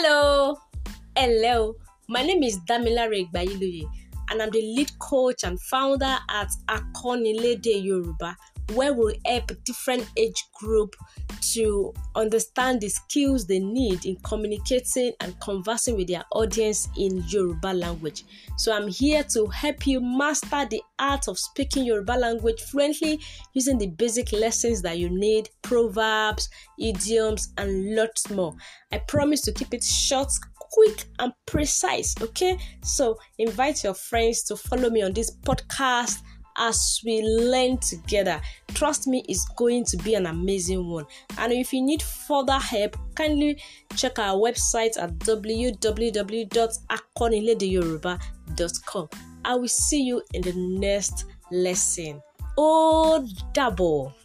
Hello, hello. My name is Damilare Igbayiluye, and I'm the lead coach and founder at Akonilede Yoruba, where we help different age group to understand the skills they need in communicating and conversing with their audience in Yoruba language. So I'm here to help you master the art of speaking Yoruba language fluently using the basic lessons that you need, proverbs, idioms, and lots more. I promise to keep it short, quick and precise. Okay, so invite your friends to follow me on this podcast as we learn together. Trust me, it's going to be an amazing one. And if you need further help, kindly check our website at www.akoniledeyoruba.com. I will see you in the next lesson. Oh, double.